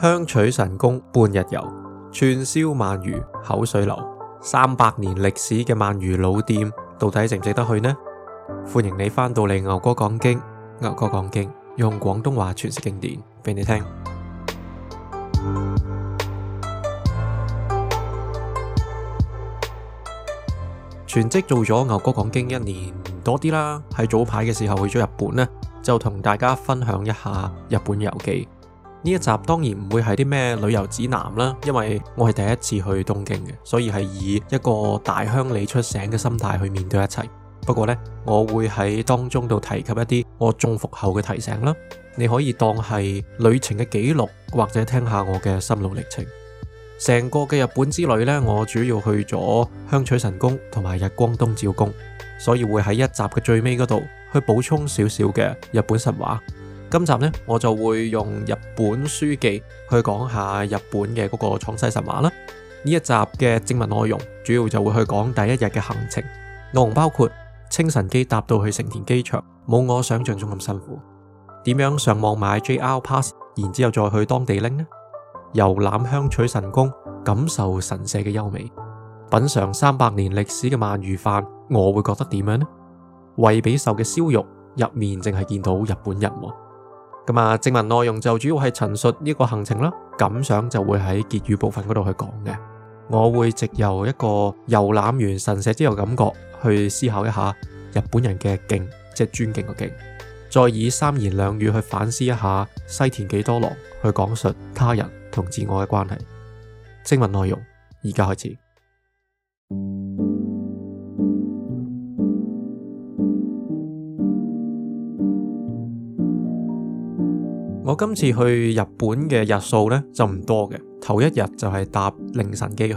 香取神宮半日遊，串燒鰻魚口水流。三百年歷史嘅鰻魚老店，到底值唔值得去呢？歡迎你翻到嚟，牛哥講經，牛哥講經用廣東話詮釋經典俾你聽。全職做咗牛哥講經一年多啲啦，喺早排嘅時候去咗日本呢，就同大家分享一下日本遊記。呢一集當然唔會係啲咩旅遊指南啦，因為我係第一次去東京嘅，所以係以一個大鄉里出城嘅心態去面對一切。不過呢，我會喺當中度提及一啲我中伏後嘅提醒啦，你可以當係旅程嘅記錄或者聽下我嘅心路歷程。成個嘅日本之旅呢，我主要去咗香取神宮同埋日光東照宮，所以會喺一集嘅最尾嗰度去補充少少嘅日本神話。今集呢，我就會用日本書紀去講下日本嘅嗰個創世神話啦。呢一集嘅正文內容主要就會去講第一日嘅行程，內容包括清晨機搭到去成田機場，冇我想象中咁辛苦。點樣上網買 JR Pass，然之後再去當地拎呢？遊覽香取神宮，感受神社嘅優美，品嚐三百年歷史嘅鰻魚飯，我會覺得點樣呢？惠比壽嘅燒肉入面，淨係見到日本人喎。咁啊，正文內容就主要係陳述呢個行程啦，感想就會喺結語部分嗰度去講嘅。我會藉由一個遊覽完神社之後感覺，去思考一下日本人嘅敬，即係尊敬嘅敬，再以三言兩語去反思一下西田幾多郎去講述他人同自我嘅關係。正文內容，而家開始。今次去日本嘅日數呢就唔多嘅，頭一日就係搭凌晨機去。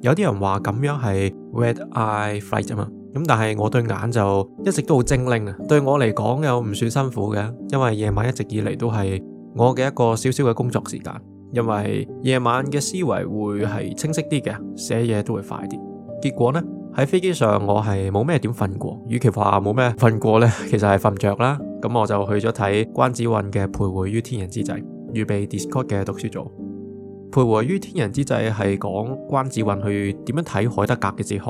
有啲人話咁樣係 Red Eye Flight 啊嘛，咁但係我對眼就一直都好精靈啊，對我嚟講又唔算辛苦嘅，因為夜晚一直以嚟都係我嘅一個少少嘅工作時間，因為夜晚嘅思維會係清晰啲嘅，寫嘢都會快啲。結果呢？喺飛機上，我係冇咩點瞓過。與其話冇咩瞓過呢，其實係瞓唔著啦。咁我就去咗睇關子尹嘅《徘徊於天人之際》，預備 Discord 嘅讀書組。《徘徊於天人之際》係講關子尹去點樣睇海德格嘅哲學。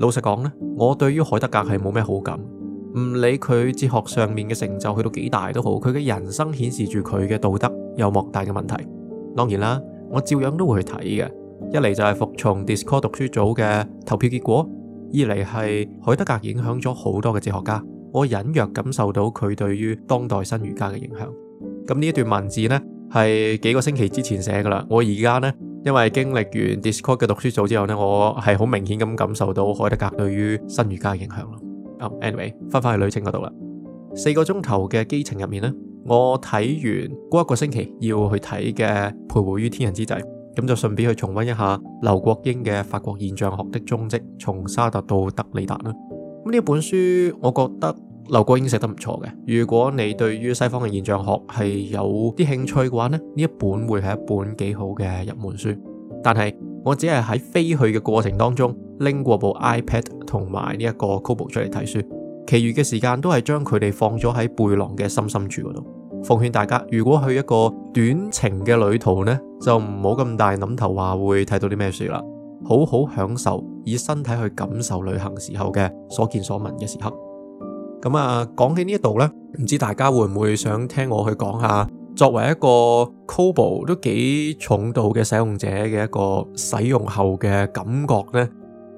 老實講呢，我對於海德格係冇咩好感。唔理佢哲學上面嘅成就去到幾大都好，佢嘅人生顯示住佢嘅道德有莫大嘅問題。當然啦，我照樣都會去睇嘅。一嚟就係服從 Discord 讀書組嘅投票結果。二嚟係海德格影響咗好多嘅哲學家，我隱約感受到佢對於當代新儒家嘅影響。咁呢一段文字呢，係幾個星期之前寫噶啦。我而家呢，因為經歷完 Discord 嘅讀書組之後呢，我係好明顯咁感受到海德格對於新儒家嘅影響咯。啊，anyway，翻翻去旅程嗰度啦。四個鐘頭嘅機程入面呢，我睇完嗰一個星期要去睇嘅《徘徊於天人之際》。咁就順便去重溫一下劉國英嘅《法國現象學的蹤跡：從沙特到德里達》啦。咁呢本書，我覺得劉國英寫得唔錯嘅。如果你對於西方嘅現象學係有啲興趣嘅話咧，呢一本會係一本幾好嘅入門書。但係我只係喺飛去嘅過程當中拎過部 iPad 同埋呢一個 Kobo 出嚟睇書，其餘嘅時間都係將佢哋放咗喺背囊嘅深深處嗰度。奉勸大家，如果去一個短程嘅旅途呢，就唔好咁大諗頭話會睇到啲咩書啦，好好享受以身體去感受旅行時候嘅所見所聞嘅時刻。咁啊，講起呢一度呢，唔知大家會唔會想聽我去講下，作為一個 Kobo 都幾重度嘅使用者嘅一個使用後嘅感覺呢？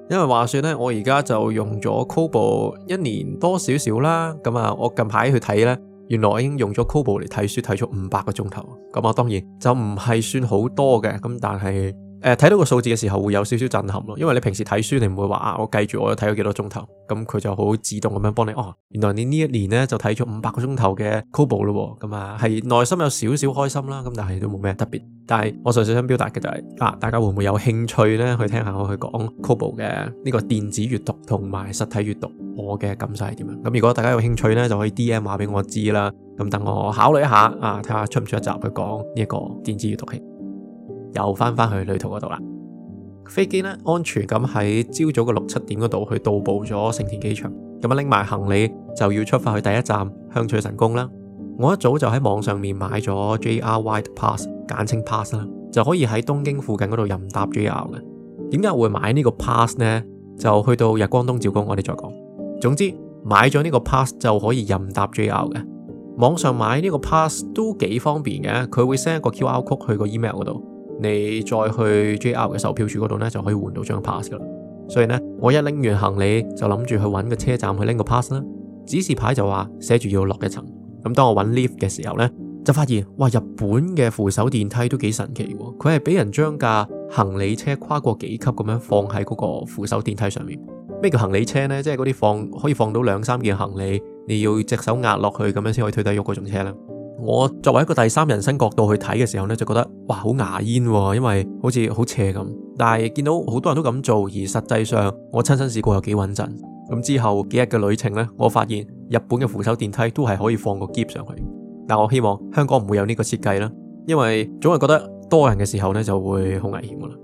因為話說呢，我而家就用咗 Kobo 一年多少少啦，咁啊，我近排去睇呢。原來我已經用咗 Kobo 嚟睇書睇咗五百個鐘頭，咁我當然就唔係算好多嘅，咁但係。誒睇到個數字嘅時候會有少少震撼咯，因為你平時睇書你唔會話啊，我計住我睇咗幾多鐘頭，咁佢就好自動咁樣幫你哦。原來你呢一年呢就睇咗五百個鐘頭嘅 Kobo 咯喎，咁啊係內心有少少開心啦，咁但係都冇咩特別。但係我上次想表達嘅就係、是、啊，大家會唔會有興趣呢？去聽下我去講 Kobo 嘅呢個電子閱讀同埋實體閱讀我嘅感受係點樣？咁、嗯、如果大家有興趣呢，就可以 D M 話俾我知啦。咁、嗯、等我考慮一下啊，睇下出唔出一集去講呢一個電子閱讀器。又翻返去旅途嗰度啦，飛機咧，安全咁喺朝早嘅六七點嗰度去到步咗成田機場，咁啊拎埋行李就要出發去第一站香取神宮啦。我一早就喺網上面買咗 J R Wide Pass，簡稱 Pass 啦，就可以喺東京附近嗰度任搭 J R 嘅。點解會買呢個 Pass 呢？就去到日光東照宮我哋再講。總之買咗呢個 Pass 就可以任搭 J R 嘅。網上買呢個 Pass 都幾方便嘅，佢會 send 一個 QR code 去個 email 嗰度。你再去 JR 嘅售票處嗰度呢，就可以換到張 pass 噶啦。所以呢，我一拎完行李就諗住去搵個車站去拎個 pass 啦。指示牌就話寫住要落一層。咁當我搵 lift 嘅時候呢，就發現哇，日本嘅扶手電梯都幾神奇喎。佢係俾人將架行李車跨過幾級咁樣放喺嗰個扶手電梯上面。咩叫行李車呢？即係嗰啲放可以放到兩三件行李，你要隻手壓落去咁樣先可以推得喐嗰種車啦。我作為一個第三人生角度去睇嘅時候呢，就覺得哇好牙煙喎、啊，因為好似好斜咁。但係見到好多人都咁做，而實際上我親身試過有幾穩陣。咁之後幾日嘅旅程呢，我發現日本嘅扶手電梯都係可以放個喼上去。但我希望香港唔會有個設計呢個設計啦，因為總係覺得多人嘅時候呢就會好危險噶啦。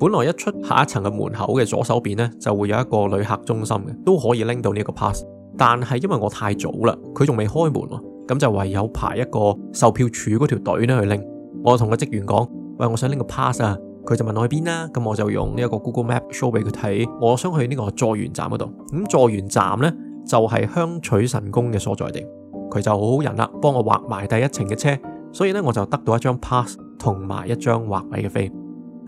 本來一出下一層嘅門口嘅左手邊呢，就會有一個旅客中心嘅，都可以拎到呢一個 pass。但係因為我太早啦，佢仲未開門喎、啊。咁就唯有排一個售票處嗰條隊咧去拎。我同個職員講：「喂，我想拎個 pass 啊！佢就問我去邊啦。咁我就用呢一個 Google Map show 俾佢睇，我想去呢個佐原站嗰度。咁佐原站呢就係香取神宮嘅所在地。佢就好好人啦，幫我畫埋第一程嘅車。所以呢，我就得到一張 pass 同埋一張畫位嘅飛。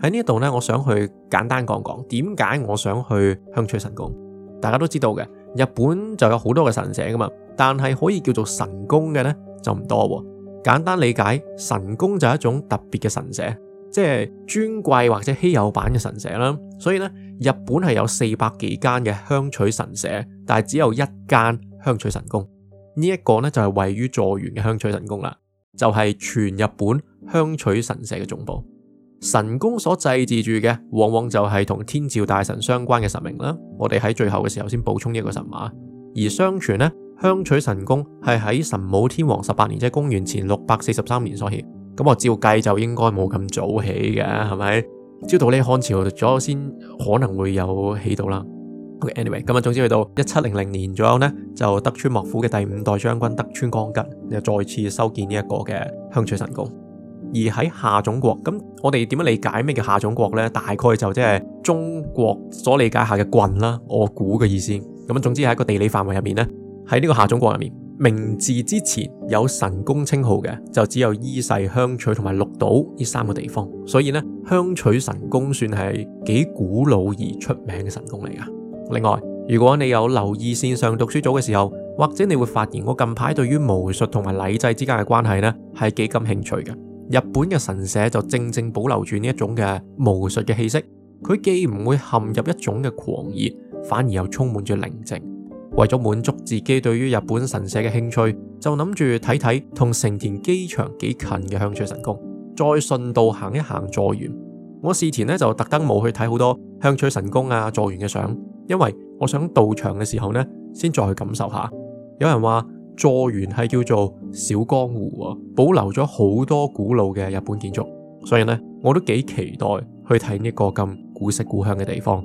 喺呢一度呢，我想去簡單講講點解我想去香取神宮。大家都知道嘅。日本就有好多嘅神社噶嘛，但係可以叫做神宮嘅咧就唔多。簡單理解，神宮就係一種特別嘅神社，即係尊貴或者稀有版嘅神社啦。所以咧，日本係有四百幾間嘅香取神社，但係只有一間香取神宮。呢一個咧就係位於佐原嘅香取神宮啦，就係全日本香取神社嘅總部。神功所祭祀住嘅，往往就係同天照大神相關嘅神明啦。我哋喺最後嘅時候先補充一個神話，而相傳呢，香取神功係喺神武天皇十八年，即係公元前六百四十三年所起。咁我照計就應該冇咁早起嘅，係咪？直到呢漢朝咗先可能會有起到啦。Anyway，今日總之去到一七零零年左右呢，就德川幕府嘅第五代將軍德川綱吉又再次修建呢一個嘅香取神功。而喺下總國咁，我哋點樣理解咩叫下總國呢？大概就即係中國所理解下嘅郡啦。我估嘅意思咁樣，總之喺一個地理範圍入面呢，喺呢個下總國入面，明治之前有神宮稱號嘅，就只有伊勢香取同埋鹿島呢三個地方。所以呢，香取神宮算係幾古老而出名嘅神宮嚟㗎。另外，如果你有留意線上讀書組嘅時候，或者你會發現我近排對於巫術同埋禮制之間嘅關係呢，係幾感興趣嘅。日本嘅神社就正正保留住呢一種嘅巫術嘅氣息，佢既唔會陷入一種嘅狂熱，反而又充滿住寧靜。為咗滿足自己對於日本神社嘅興趣，就諗住睇睇同成田機場幾近嘅香取神宮，再順道行一行佐原。我事前呢，就特登冇去睇好多香取神宮啊佐原嘅相，因為我想到場嘅時候呢，先再去感受下。有人話，座源係叫做小江湖啊，保留咗好多古老嘅日本建築，所以呢，我都幾期待去睇呢個咁古色古香嘅地方。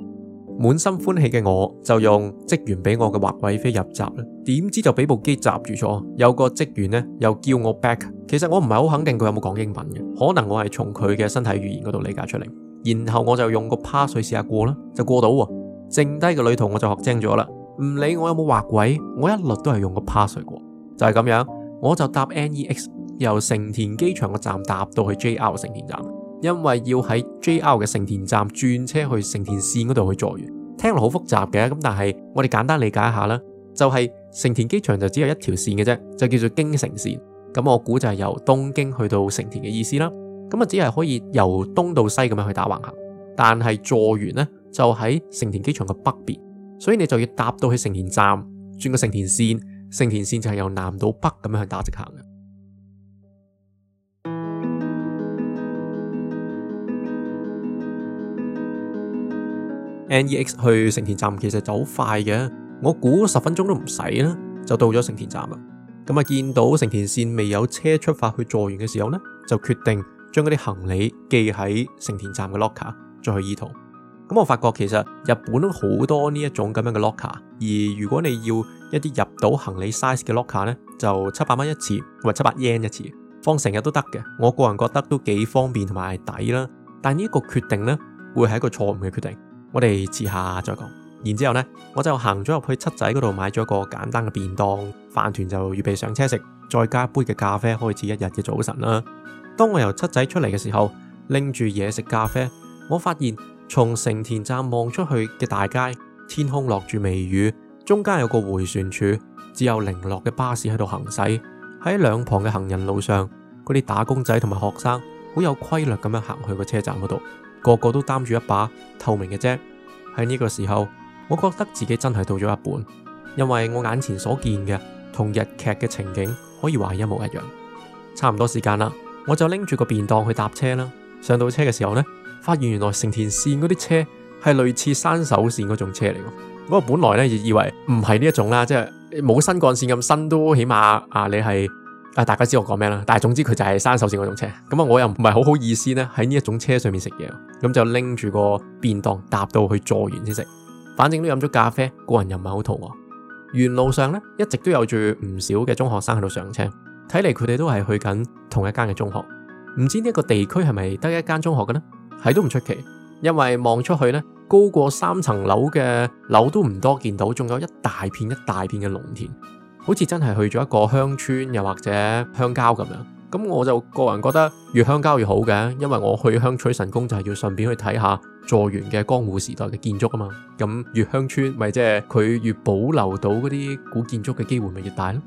滿心歡喜嘅我，就用職員俾我嘅劃位飛入閘啦，點知就俾部機閘住咗。有個職員呢又叫我 back，其實我唔係好肯定佢有冇講英文嘅，可能我係從佢嘅身體語言嗰度理解出嚟。然後我就用個 pass 試下過啦，就過到喎。剩低嘅旅程我就學精咗啦。唔理我有冇滑軌，我一律都係用個 pass 過。就係咁樣，我就搭 NEX 由成田機場個站搭到去 JR 成田站，因為要喺 JR 嘅成田站轉，轉車去成田線嗰度去佐原。聽落好複雜嘅，咁但係我哋簡單理解一下啦，就係成田機場就只有一條線嘅啫，就叫做京成線。咁我估就係由東京去到成田嘅意思啦。咁啊，只係可以由東到西咁樣去打橫行，但係佐原呢，就喺成田機場嘅北邊。所以你就要搭到去成田站，轉個成田線。成田線就係由南到北咁樣去打直行 NEX 去成田站其實就好快嘅，我估十分鐘都唔使啦，就到咗成田站啦。咁啊見到成田線未有車出發去做完嘅時候呢，就決定將嗰啲行李寄喺成田站嘅 locker，再去伊圖。咁我發覺其實日本都好多呢一種咁樣嘅 locker。而如果你要一啲入到行李 size 嘅 locker 呢，就七百蚊一次，或者七百 yen 一次，放成日都得嘅。我個人覺得都幾方便同埋抵啦。但呢一個決定呢，會係一個錯誤嘅決定。我哋遲下再講。然之後呢，我就行咗入去七仔嗰度買咗一個簡單嘅便當飯團，飯團就預備上車食，再加一杯嘅咖啡，開始一日嘅早晨啦。當我由七仔出嚟嘅時候，拎住嘢食咖啡，我發現。從成田站望出去嘅大街，天空落住微雨，中間有個回旋處，只有零落嘅巴士喺度行駛。喺兩旁嘅行人路上，嗰啲打工仔同埋學生好有規律咁樣行去個車站嗰度，個個都擔住一把透明嘅遮。喺呢個時候，我覺得自己真係到咗日本，因為我眼前所見嘅同日劇嘅情景可以話係一模一樣。差唔多時間啦，我就拎住個便當去搭車啦。上到車嘅時候呢？發現原來成田線嗰啲車係類似山手線嗰種車嚟㗎。我本來咧以為唔係呢一種啦，即係冇新幹線咁新都，起碼啊，你係啊，大家知我講咩啦？但係總之佢就係山手線嗰種車咁啊。我又唔係好好意思咧，喺呢一種車上面食嘢，咁就拎住個便當搭到去佐原先食。反正都飲咗咖啡，個人又唔係好肚餓。沿路上咧一直都有住唔少嘅中學生喺度上車，睇嚟佢哋都係去緊同一間嘅中學。唔知呢一個地區係咪得一間中學嘅呢？係都唔出奇，因為望出去咧，高過三層樓嘅樓都唔多見到，仲有一大片一大片嘅農田，好似真係去咗一個鄉村又或者鄉郊咁樣。咁我就個人覺得越鄉郊越好嘅，因為我去香取神宮就係要順便去睇下佐原嘅江戶時代嘅建築啊嘛。咁越鄉村咪即係佢越保留到嗰啲古建築嘅機會咪越大咯。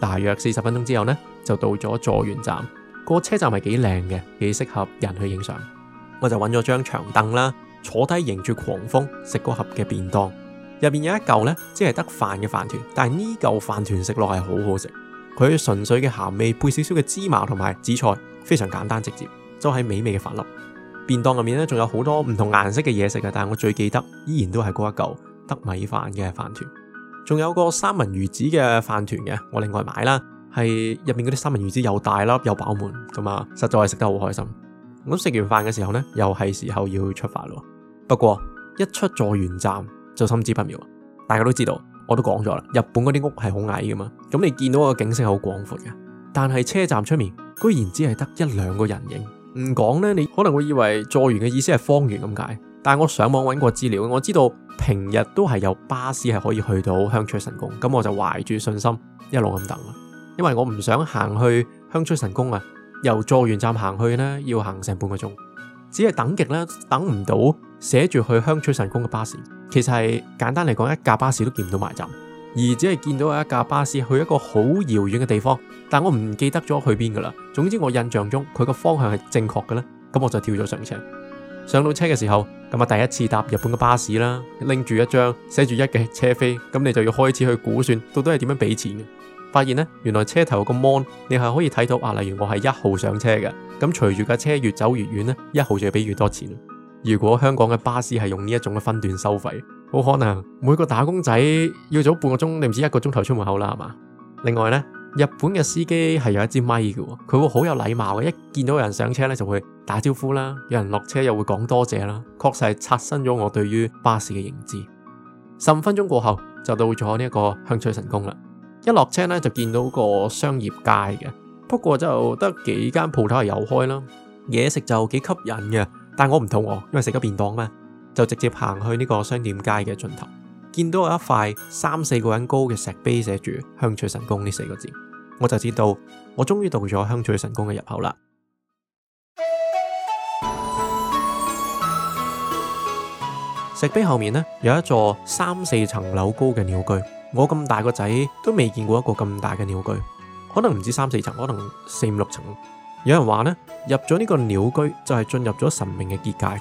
大約四十分鐘之後呢，就到咗佐原站。個車站咪幾靚嘅，幾適合人去影相。我就揾咗張長凳啦，坐低迎住狂風，食個盒嘅便當。入面有一嚿呢，即係得飯嘅飯糰，但係呢嚿飯糰食落係好好食。佢純粹嘅鹹味，配少少嘅芝麻同埋紫菜，非常簡單直接，都、就、係、是、美味嘅飯粒。便當入面呢，仲有好多唔同顏色嘅嘢食嘅，但係我最記得依然都係嗰一嚿得米飯嘅飯糰，仲有個三文魚子嘅飯糰嘅，我另外買啦。係入面嗰啲三文魚子又大粒又飽滿，咁啊，實在係食得好開心。咁食完飯嘅時候呢，又係時候要去出發咯。不過一出坐原站就心知不妙。大家都知道，我都講咗啦，日本嗰啲屋係好矮噶嘛。咁你見到個景色好廣闊嘅，但係車站出面居然只係得一兩個人影。唔講呢，你可能會以為坐原嘅意思係方圓咁解。但係我上網揾過資料，我知道平日都係有巴士係可以去到香取神宮。咁我就懷住信心一路咁等啦。因為我唔想行去香取神宮啊，由佐原站行去呢，要行成半個鐘。只係等極咧，等唔到寫住去香取神宮嘅巴士。其實係簡單嚟講，一架巴士都見唔到埋站，而只係見到有一架巴士去一個好遙遠嘅地方。但我唔記得咗去邊噶啦。總之我印象中佢個方向係正確嘅咧。咁我就跳咗上車。上到車嘅時候，咁啊第一次搭日本嘅巴士啦，拎住一張寫住一嘅車飛，咁你就要開始去估算到底係點樣俾錢嘅。發現咧，原來車頭有個 mon 你係可以睇到啊。例如我係一號上車嘅，咁隨住架車越走越遠咧，一號就要俾越多錢。如果香港嘅巴士係用呢一種嘅分段收費，好可能每個打工仔要早半個鐘，你唔止一個鐘頭出門口啦，係嘛？另外呢，日本嘅司機係有一支咪嘅，佢會好有禮貌嘅，一見到有人上車呢，就會打招呼啦，有人落車又會講多謝啦。確實係刷新咗我對於巴士嘅認知。十五分鐘過後就到咗呢一個香取神宮啦。一落車咧，就見到個商業街嘅，不過就得幾間鋪頭係有開啦。嘢食就幾吸引嘅，但我唔肚餓，因為食咗便當咩，就直接行去呢個商店街嘅盡頭，見到有一塊三四個人高嘅石碑寫，寫住「香取神宮」呢四個字，我就知道我終於到咗香取神宮嘅入口啦。 石碑後面呢，有一座三四層樓高嘅鳥居。我咁大個仔都未見過一個咁大嘅鳥居，可能唔止三四層，可能四五六層。有人話咧，入咗呢個鳥居就係進入咗神明嘅結界。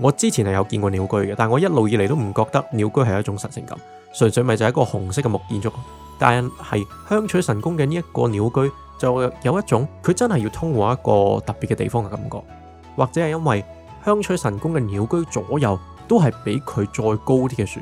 我之前係有見過鳥居嘅，但我一路以嚟都唔覺得鳥居係一種神聖感，純粹咪就係一個紅色嘅木建築。但係香取神宮嘅呢一個鳥居就有一種佢真係要通往一個特別嘅地方嘅感覺，或者係因為香取神宮嘅鳥居左右都係比佢再高啲嘅樹。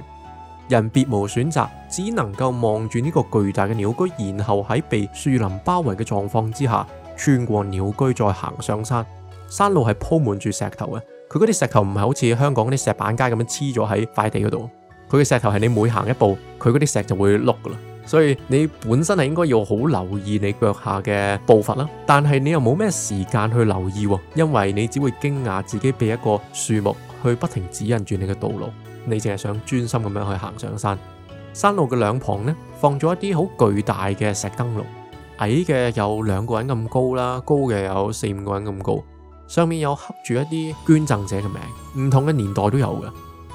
人別無選擇，只能夠望住呢個巨大嘅鳥居，然後喺被樹林包圍嘅狀況之下，穿過鳥居再行上山。山路係鋪滿住石頭嘅，佢嗰啲石頭唔係好似香港啲石板街咁樣黐咗喺塊地嗰度，佢嘅石頭係你每行一步，佢嗰啲石就會碌噶啦。所以你本身係應該要好留意你腳下嘅步伐啦，但係你又冇咩時間去留意，因為你只會驚訝自己被一個樹木去不停指引住你嘅道路。你淨係想專心咁樣去行上山，山路嘅兩旁呢，放咗一啲好巨大嘅石燈籠，矮嘅有兩個人咁高啦，高嘅有四五個人咁高，上面有刻住一啲捐贈者嘅名，唔同嘅年代都有嘅。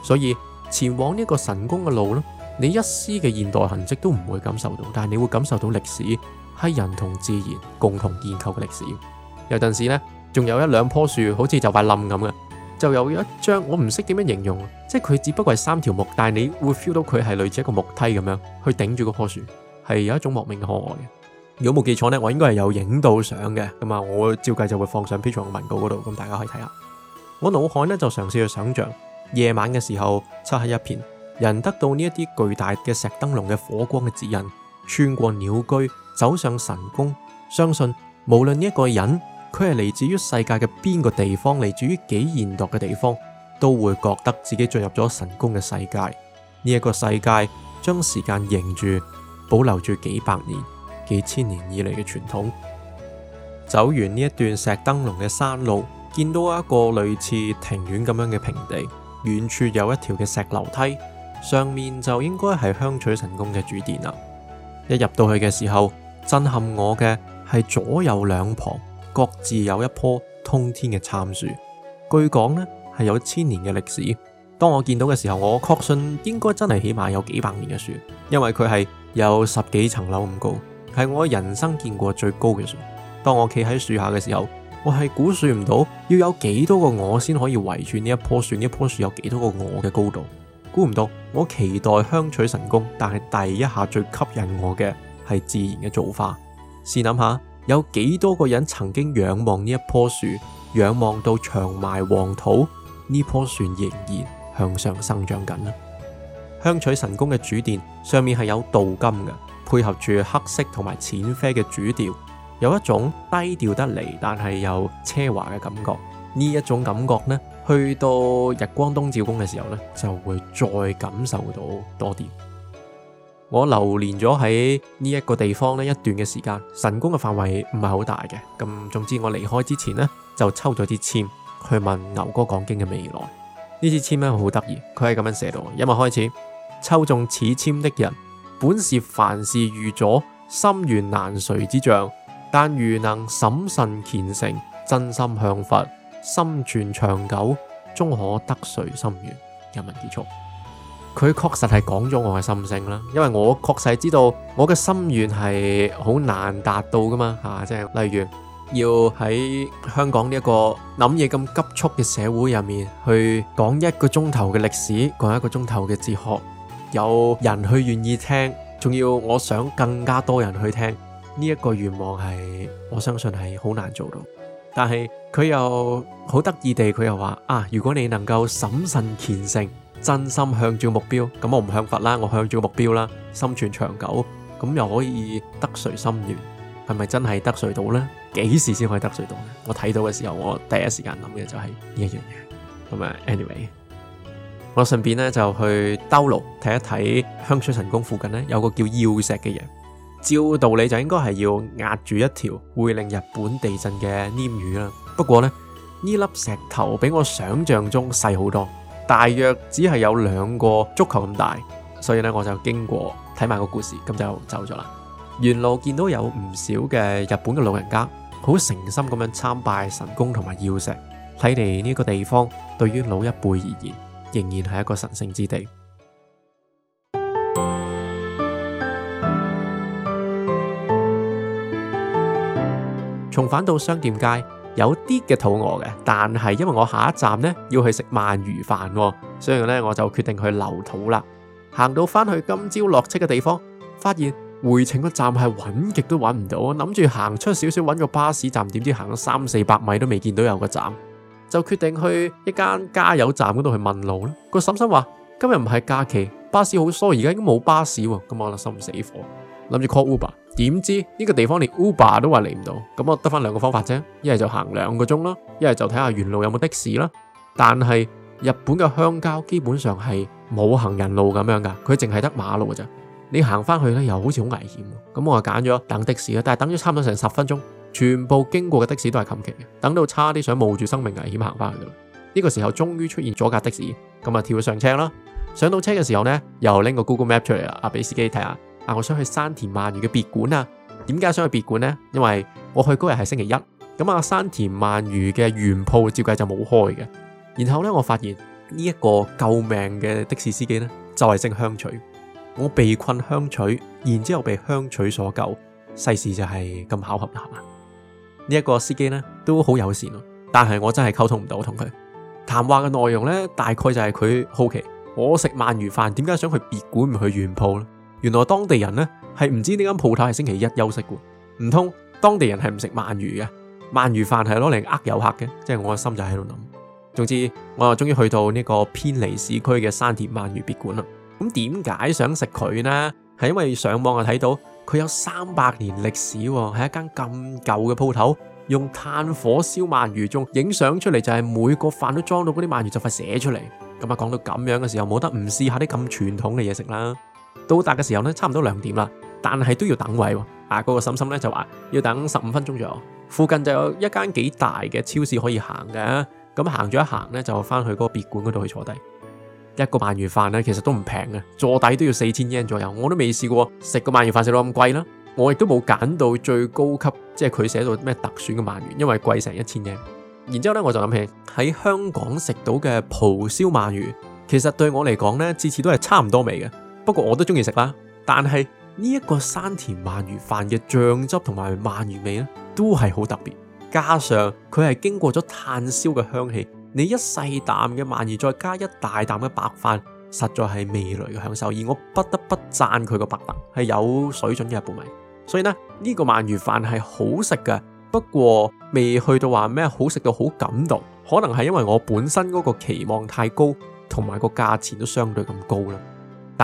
所以前往呢個神宮嘅路咧，你一絲嘅現代痕跡都唔會感受到，但係你會感受到歷史係人同自然共同建構嘅歷史。有陣時呢，仲有一兩棵樹好似就快冧咁嘅。就有一張我唔識點樣形容，即係佢只不過係三條木，但係你會 feel 到佢係類似一個木梯咁樣去頂住嗰棵樹，係有一種莫名嘅可愛。如果冇記錯呢我應該係有影到相嘅，咁啊，我照計就會放上 Patreon 嘅文稿嗰度，咁大家可以睇下。我腦海呢就嘗試去想像夜晚嘅時候漆黑一片，人得到呢一啲巨大嘅石燈籠嘅火光嘅指引，穿過鳥居走上神宮，相信無論呢一個人，佢係嚟自於世界嘅邊個地方，嚟自於幾現代嘅地方，都會覺得自己進入咗神宮嘅世界。呢、這、一個世界將時間凝住，保留住幾百年，幾千年以嚟嘅傳統。走完呢一段石燈籠嘅山路，見到一個類似庭院咁樣嘅平地，遠處有一條嘅石樓梯，上面就應該係香取神宮嘅主殿啦。一入到去嘅時候，震撼我嘅係左右兩旁，各自有一棵通天嘅杉樹，據講呢係有千年嘅歷史。當我見到嘅時候，我確信應該真係起碼有幾百年嘅樹，因為佢係有十幾層樓咁高，係我人生見過最高嘅樹。當我企喺樹下嘅時候，我係估算唔到要有幾多個我先可以圍住呢一棵樹，呢一棵樹有幾多個我嘅高度。估唔到，我期待香取神宮，但係第一下最吸引我嘅係自然嘅造化。試諗下。有幾多個人曾經仰望呢一棵樹，仰望到長埋黃土，呢棵樹仍然向上生長緊啦。香取神宮嘅主殿上面係有鍍金嘅，配合住黑色同埋淺啡嘅主調，有一種低調得嚟但係又奢華嘅感覺。呢一種感覺呢，去到日光東照宮嘅時候呢，就會再感受到多啲。我流連咗喺呢一個地方呢一段嘅時間，神宮嘅範圍唔係好大嘅。咁總之我離開之前呢，就抽咗支簽去問牛哥講經嘅未來。呢支簽呢，好得意，佢係咁樣寫到：因為開始抽中此簽的人，本是凡事遇阻、心願難遂之象，但如能審慎虔誠、真心向佛、心存長久，終可得遂心願。人民結束。佢確實係講咗我嘅心聲啦，因為我確實知道我嘅心願係好難達到噶嘛嚇，即、啊、係例如要喺香港呢一個諗嘢咁急促嘅社會入面去講一個鐘頭嘅歷史，講一個鐘頭嘅哲學，有人去願意聽，仲要我想更加多人去聽，呢、這、一個願望係我相信係好難做到。但係佢又好得意地，佢又話啊，如果你能夠審慎虔誠。真心向住目標，咁我唔向佛啦，我向住個目標啦，心存長久，咁又可以得遂心願，係咪真係得遂到咧？幾時先可以得遂到咧？我睇到嘅時候，我第一時間諗嘅就係呢一樣嘢。咁啊，anyway，我順便咧就去兜路睇一睇香取神宮附近咧，有個叫要石嘅嘢。照道理就應該係要壓住一條會令日本地震嘅鯰魚啦。不過咧，呢粒石頭比我想象中細好多。大約只係有兩個足球咁大，所以咧我就經過睇埋個故事，咁就走咗啦。沿路見到有唔少嘅日本嘅老人家，好誠心咁樣參拜神宮同埋要石，睇嚟呢個地方對於老一輩而言，仍然係一個神聖之地。重返到商店街。有啲嘅肚餓嘅，但係因為我下一站呢要去食鰻魚飯喎，所以呢我就決定去留肚啦。行到翻去今朝落車嘅地方，發現回程個站係揾極都揾唔到啊！諗住行出少少揾個巴士站，點知行咗三四百米都未見到有個站，就決定去一間加油站嗰度去問路啦。個嬸嬸話今日唔係假期，巴士好疏，而家已經冇巴士，咁我心死火，諗住 call Uber。點知呢個地方連 Uber 都話嚟唔到，咁我得翻兩個方法啫，一係就行兩個鐘啦，一係就睇下沿路有冇的士啦。但係日本嘅鄉郊基本上係冇行人路咁樣噶，佢淨係得馬路噶啫。你行翻去咧，又好似好危險。咁我啊揀咗等的士啦，但係等咗差唔多成十分鐘，全部經過嘅的士都係冚旗嘅，等到差啲想冒住生命危險行翻去噶啦。呢個時候終於出現咗架的士，咁啊跳上車啦。上到車嘅時候咧，又拎個 Google Map 出嚟啦，啊俾司機睇下。啊！我想去山田鰻魚嘅別館啊。點解想去別館呢？因為我去嗰日係星期一，咁啊，山田鰻魚嘅原鋪照計就冇開嘅。然後呢，我發現呢一個救命嘅的士司機呢，就係姓香取。我被困香取，然之後被香取所救，世事就係咁巧合啦。呢一個司機呢，都好友善咯，但係我真係溝通唔到，同佢談話嘅內容呢，大概就係佢好奇我食鰻魚飯點解想去別館唔去原鋪呢？」原來當地人呢係唔知呢間鋪頭係星期一休息嘅，唔通當地人係唔食鰻魚嘅？鰻魚飯係攞嚟呃遊客嘅，即係我個心就喺度諗。總之，我又終於去到呢個偏離市區嘅山田鰻魚別館啦。咁點解想食佢呢？係因為上網啊睇到佢有三百年歷史，係一間咁舊嘅鋪頭，用炭火燒鰻魚，仲影相出嚟就係每個飯都裝到嗰啲鰻魚就快寫出嚟。咁、嗯、啊，講到咁樣嘅時候，冇得唔試下啲咁傳統嘅嘢食啦。到達嘅時候呢，差唔多兩點啦，但係都要等位，哦，啊、那個，嗰個嬸嬸呢就話要等十五分鐘左右，附近就有一間幾大嘅超市可以行嘅，啊，咁行咗一行呢，就翻去嗰個別館嗰度去坐低。一個鰻魚飯呢，其實都唔平嘅，坐底都要四千 yen 左右，我都未試過食個鰻魚飯食到咁貴啦，我亦都冇揀到最高級，即係佢寫到咩特選嘅鰻魚，因為貴成一千 yen。然之後咧我就諗起喺香港食到嘅蒲燒鰻魚，其實對我嚟講呢，次次都係差唔多味嘅。不過我都中意食啦，但係呢一個山田鰻魚飯嘅醬汁同埋鰻魚味咧，都係好特別。加上佢係經過咗炭燒嘅香氣，你一細啖嘅鰻魚再加一大啖嘅白飯，實在係味蕾嘅享受。而我不得不讚佢個白飯係有水準嘅一碗米。所以呢，呢、呢個鰻魚飯係好食㗎，不過未去到話咩好食到好感動，可能係因為我本身嗰個期望太高，同埋個價錢都相對咁高啦。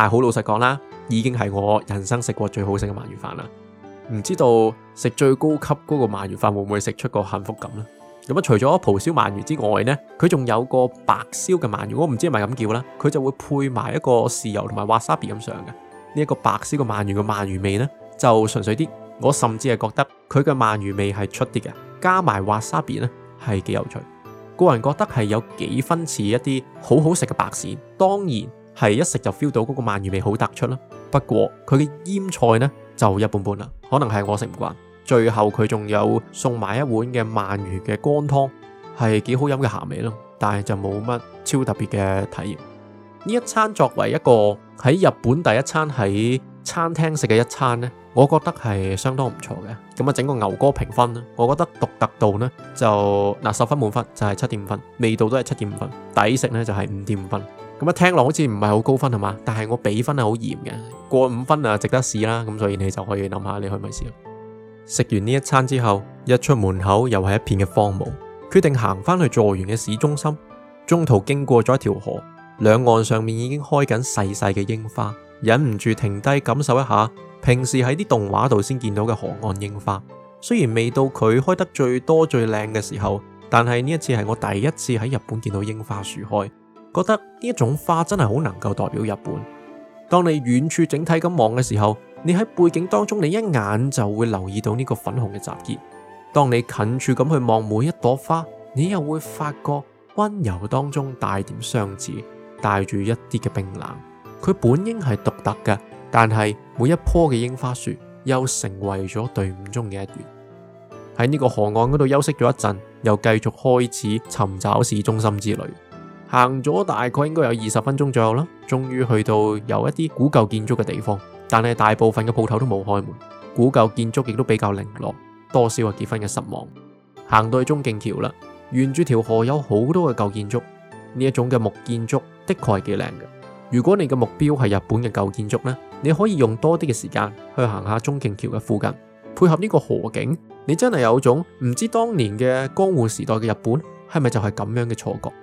但好老實講啦，已經係我人生食過最好食嘅鰻魚飯啦。唔知道食最高級嗰個鰻魚飯會唔會食出個幸福感呢？咁、嗯、啊，除咗蒲燒鰻魚之外呢，佢仲有個白燒嘅鰻魚，我唔知係咪咁叫啦。佢就會配埋一個豉油同埋 wasabi 咁上嘅。呢、這、一個白燒嘅鰻魚嘅鰻魚味呢，就純粹啲。我甚至係覺得佢嘅鰻魚味係出啲嘅，加埋 wasabi 呢，係幾有趣。個人覺得係有幾分似一啲好好食嘅白鱔。當然。係一食就 feel 到嗰個鰻魚味好突出啦，不過佢嘅醃菜呢就一般般啦，可能係我食唔慣。最後佢仲有送埋一碗嘅鰻魚嘅乾湯，係幾好飲嘅鹹味咯，但係就冇乜超特別嘅體驗。呢一餐作為一個喺日本第一餐喺餐廳食嘅一餐呢，我覺得係相當唔錯嘅。咁啊，整個牛哥評分啦，我覺得獨特度呢就嗱十分滿分就係七點五分，味道都係七點五分，抵食呢就係五點五分。咁聽落好似唔係好高分係嘛？但係我比分係好嚴嘅，過五分啊，值得試啦，咁所以你就可以諗下，你去唔去試？食完呢一餐之後，一出門口又係一片嘅荒蕪，決定行翻去佐原嘅市中心，中途經過咗一條河，兩岸上面已經開緊細細嘅櫻花，忍唔住停低感受一下，平時喺啲動畫度先見到嘅河岸櫻花，雖然未到佢開得最多最靚嘅時候，但係呢一次係我第一次喺日本見到櫻花樹開。覺得呢一種花真係好能夠代表日本。當你遠處整體咁望嘅時候，你喺背景當中，你一眼就會留意到呢個粉紅嘅集結。當你近處咁去望每一朵花，你又會發覺温柔當中帶點相似，帶住一啲嘅冰冷。佢本應係獨特嘅，但係每一棵嘅櫻花樹又成為咗隊伍中嘅一員。喺呢個河岸嗰度休息咗一陣，又繼續開始尋找市中心之旅。行咗大概應該有二十分鐘左右啦，終於去到有一啲古舊建築嘅地方，但係大部分嘅鋪頭都冇開門。古舊建築亦都比較零落，多少係幾分嘅失望。行到去中徑橋啦，沿住條河有好多嘅舊建築，呢一種嘅木建築的確係幾靚嘅。如果你嘅目標係日本嘅舊建築呢，你可以用多啲嘅時間去行下中徑橋嘅附近，配合呢個河景，你真係有種唔知當年嘅江戶時代嘅日本係咪就係咁樣嘅錯覺。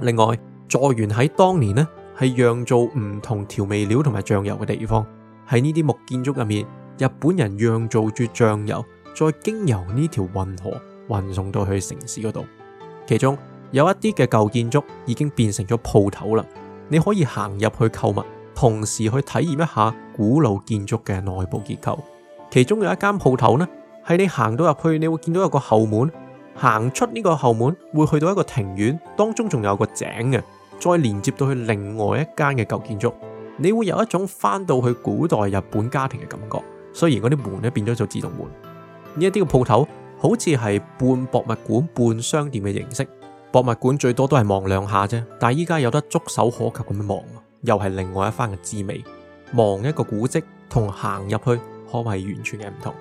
另外，佐原喺當年呢係釀造唔同調味料同埋醬油嘅地方，喺呢啲木建築入面，日本人釀造住醬油，再經由呢條運河運送到去城市嗰度。其中有一啲嘅舊建築已經變成咗鋪頭啦，你可以行入去購物，同時去體驗一下古老建築嘅內部結構。其中有一間鋪頭呢，係你行到入去，你會見到有個後門。行出呢個後門，會去到一個庭院，當中仲有個井嘅，再連接到去另外一間嘅舊建築，你會有一種翻到去古代日本家庭嘅感覺。雖然嗰啲門咧變咗做自動門，呢一啲嘅鋪頭好似係半博物館、半商店嘅形式。博物館最多都係望兩下啫，但係依家有得觸手可及咁樣望，又係另外一番嘅滋味。望一個古蹟同行入去，可謂完全嘅唔同。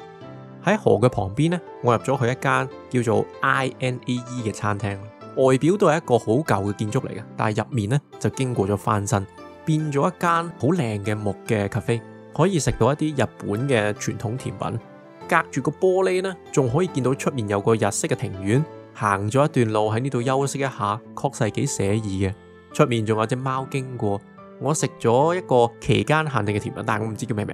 喺河嘅旁邊咧，我入咗去一間叫做 INAE 嘅餐廳。外表都係一個好舊嘅建築嚟嘅，但係入面呢，就經過咗翻新，變咗一間好靚嘅木嘅咖啡，可以食到一啲日本嘅傳統甜品。隔住個玻璃呢，仲可以見到出面有個日式嘅庭院。行咗一段路喺呢度休息一下，確實係幾寫意嘅。出面仲有隻貓經過。我食咗一個期間限定嘅甜品，但係我唔知叫咩名。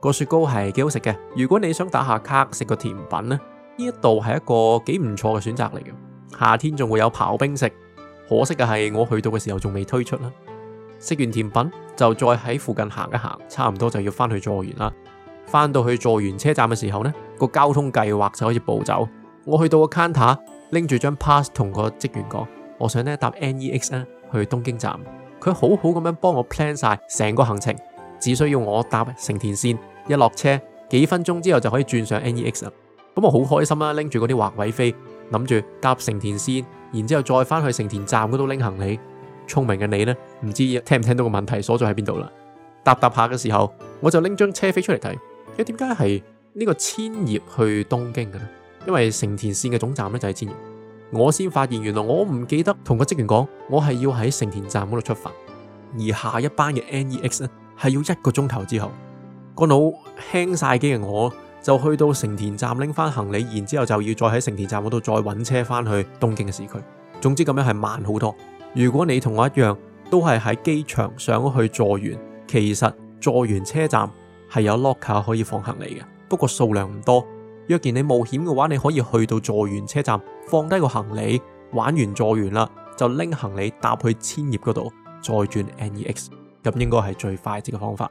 個雪糕係幾好食嘅，如果你想打下卡食個甜品呢，呢一度係一個幾唔錯嘅選擇嚟嘅。夏天仲會有刨冰食，可惜嘅係我去到嘅時候仲未推出啦。食完甜品就再喺附近行一行，差唔多就要翻去佐原啦。翻到去佐原車站嘅時候呢，個交通計劃就可以步走。我去到個 counter 拎住張 pass 同個職員講，我想呢搭 NEX 呢，NE X，去東京站，佢好好咁樣幫我 plan 晒成個行程。只需要我搭成田線，一落車幾分鐘之後就可以轉上 N E X 啦。咁我好開心啊！拎住嗰啲劃位飛，諗住搭成田線，然之後再翻去成田站嗰度拎行李。聰明嘅你呢，唔知聽唔聽到個問題所在喺邊度啦？搭搭下嘅時候，我就拎張車飛出嚟睇，點解係呢個千葉去東京嘅咧？因為成田線嘅總站呢就係千葉。我先發現，原來我唔記得同個職員講，我係要喺成田站嗰度出發，而下一班嘅 N E X 咧。係要一個鐘頭之後，個腦輕晒嘅我，就去到成田站拎翻行李，然之後就要再喺成田站嗰度再搵車翻去東京嘅市區。總之咁樣係慢好多。如果你同我一樣，都係喺機場想去坐佐原，其實佐原車站係有 locker 可以放行李嘅，不過數量唔多。若然你冒險嘅話，你可以去到佐原車站放低個行李，玩完佐原啦，就拎行李搭去千葉嗰度，再轉 NEX。咁應該係最快捷嘅方法。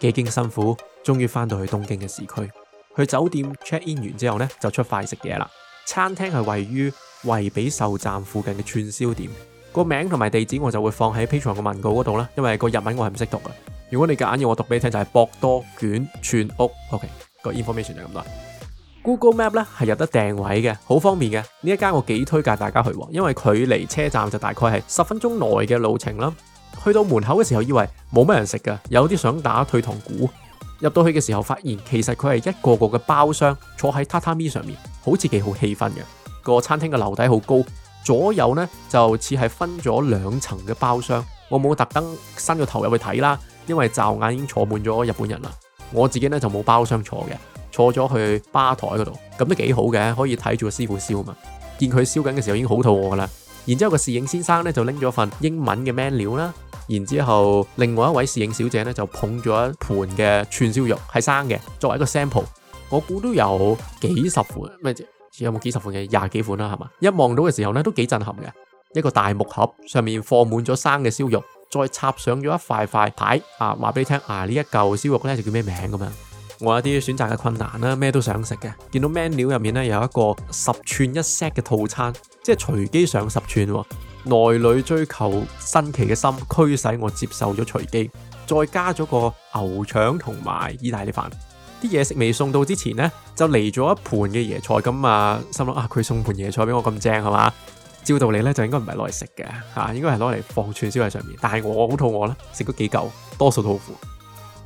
幾經辛苦，終於翻到去東京嘅市區。去酒店 check in 完之後呢，就出快食嘢啦。餐廳係位於惠比壽站附近嘅串燒店。個名同埋地址我就會放喺 Patreon 嘅文告嗰度啦，因為個日文我係唔識讀嘅。如果你夾硬要我讀俾你聽，就係、是、博多卷串屋。OK，個 information 就咁多。Google Map 咧係入得定位嘅，好方便嘅。呢一間我幾推介大家去，因為距離車站就大概係十分鐘內嘅路程啦。去到門口嘅時候，以為冇乜人食㗎，有啲想打退堂鼓。入到去嘅時候，發現其實佢係一個個嘅包廂，坐喺榻榻米上面，好似幾好氣氛嘅。個餐廳嘅樓底好高，左右呢就似係分咗兩層嘅包廂。我冇特登伸咗頭入去睇啦，因為驟眼已經坐滿咗日本人啦。我自己呢，就冇包廂坐嘅。坐咗去吧台嗰度，咁都幾好嘅，可以睇住個師傅燒啊嘛。見佢燒緊嘅時候已經好肚餓㗎啦。然之後個侍應先生呢，就拎咗份英文嘅 menu 啦。然之後另外一位侍應小姐呢，就捧咗一盤嘅串燒肉係生嘅，作為一個 sample。我估都有幾十款，咩有冇幾十款嘅廿幾款啦、啊，係嘛？一望到嘅時候呢，都幾震撼嘅。一個大木盒上面放滿咗生嘅燒肉，再插上咗一塊塊牌啊，話俾你聽啊，呢一嚿燒肉呢，就叫咩名噉樣。我有啲選擇嘅困難啦、啊，咩都想食嘅。見到 menu 入面咧有一個十串一 set 嘅套餐，即係隨機上十串喎。內裏追求新奇嘅心驅使我接受咗隨機，再加咗個牛腸同埋意大利飯。啲嘢食未送到之前呢，就嚟咗一盤嘅椰菜。咁啊，心諗啊，佢送盤椰菜俾我咁正係嘛？照道理咧就應該唔係攞嚟食嘅嚇，應該係攞嚟放串燒喺上面。但係我好肚餓啦，食咗幾嚿，多數都苦。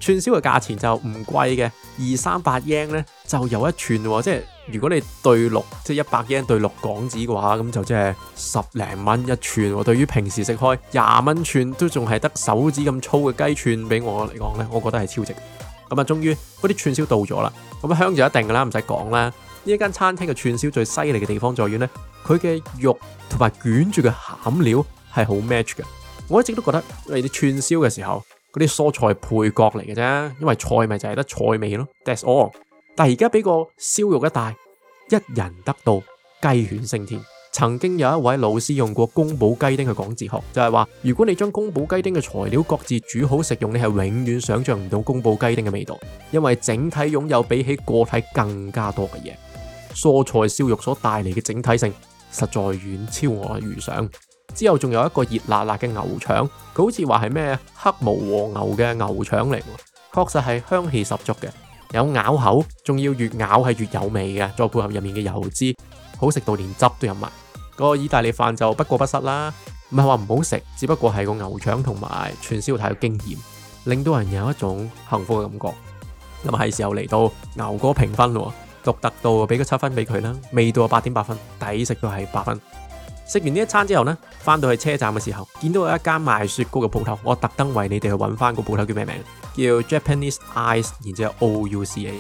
串燒嘅價錢就唔貴嘅，二三百英呢，就有一串喎、哦。即係如果你兌六，即係一百英兌六港紙嘅話，咁就即係十零蚊一串喎、哦。對於平時食開廿蚊串都仲係得手指咁粗嘅雞串俾我嚟講呢，我覺得係超值。咁啊，終於嗰啲串燒到咗啦。咁啊香就一定㗎啦，唔使講啦。呢一間餐廳嘅串燒最犀利嘅地方在於呢，佢嘅肉同埋捲住嘅餡料係好 match 嘅。我一直都覺得，你啲串燒嘅時候。嗰啲蔬菜配角嚟嘅啫，因為菜咪就係得菜味咯。That's all。但而家俾個燒肉一帶，一人得道雞犬升天。曾經有一位老師用過宮保雞丁去講哲學，就係話：如果你將宮保雞丁嘅材料各自煮好食用，你係永遠想象唔到宮保雞丁嘅味道，因為整體擁有比起個體更加多嘅嘢。蔬菜燒肉所帶嚟嘅整體性，實在遠超我嘅預想。之後仲有一個熱辣辣嘅牛腸，佢好似話係咩黑毛和牛嘅牛腸嚟，確實係香氣十足嘅。有咬口，仲要越咬係越有味嘅，再配合入面嘅油脂，好食到連汁都飲埋。個意大利飯就不過不失啦，唔係話唔好食，只不過係個牛腸同埋串燒太過驚艷，令到人有一種幸福嘅感覺。咁係時候嚟到，牛哥評分咯，獨特度俾個七分俾佢啦，味道八點八分，抵食到係八分。食完呢一餐之後呢，翻到去車站嘅時候，見到有一間賣雪糕嘅鋪頭，我特登為你哋去揾翻個鋪頭叫咩名？叫 Japanese Ice，然之後 O U C A。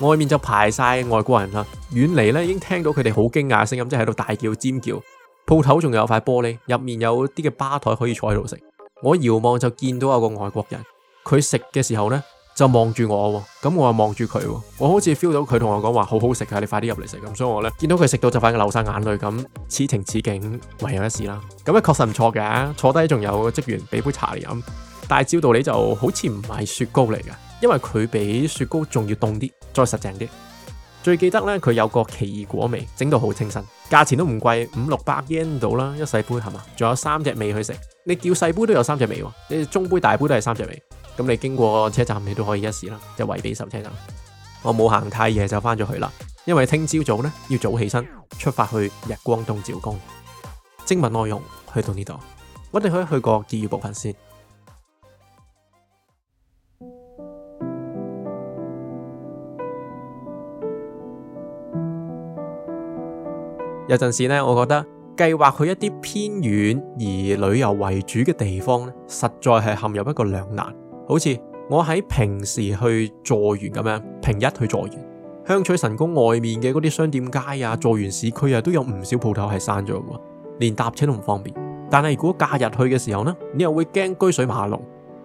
外面就排晒外國人啦，遠離呢已經聽到佢哋好驚訝嘅聲音，即係喺度大叫尖叫。鋪頭仲有塊玻璃，入面有啲嘅吧台可以坐喺度食。我遙望就見到有個外國人，佢食嘅時候呢，就望住我喎，咁我又望住佢喎，我好似 feel 到佢同我講話好好食嘅，你快啲入嚟食咁。所以我呢，見到佢食到就快流晒眼淚咁，此情此景唯有一試啦。咁咧確實唔錯嘅，坐低仲有個職員俾杯茶嚟飲。但係照道理就好似唔係雪糕嚟嘅，因為佢比雪糕仲要凍啲，再實淨啲。最記得呢，佢有個奇異果味，整到好清新，價錢都唔貴，五六百 yen 到啦，一細杯係嘛？仲有三隻味去食，你叫細杯都有三隻味，你中杯大杯都係三隻味。咁你經過車站，你都可以一試啦，就惠比壽車站。我冇行太夜就翻咗去啦，因為聽朝早咧要早起身出發去日光東照宮。正文內容去到呢度，我哋可以去，去個結語部分先。 有陣時咧，我覺得計劃去一啲偏遠而旅遊為主嘅地方咧，實在係陷入一個兩難。好似我喺平時去助完咁樣，平日去助完香取神宮外面嘅嗰啲商店街啊，助完市區啊，都有唔少鋪頭係閂咗嘅喎，連搭車都唔方便。但係如果假日去嘅時候呢，你又會驚車水馬龍。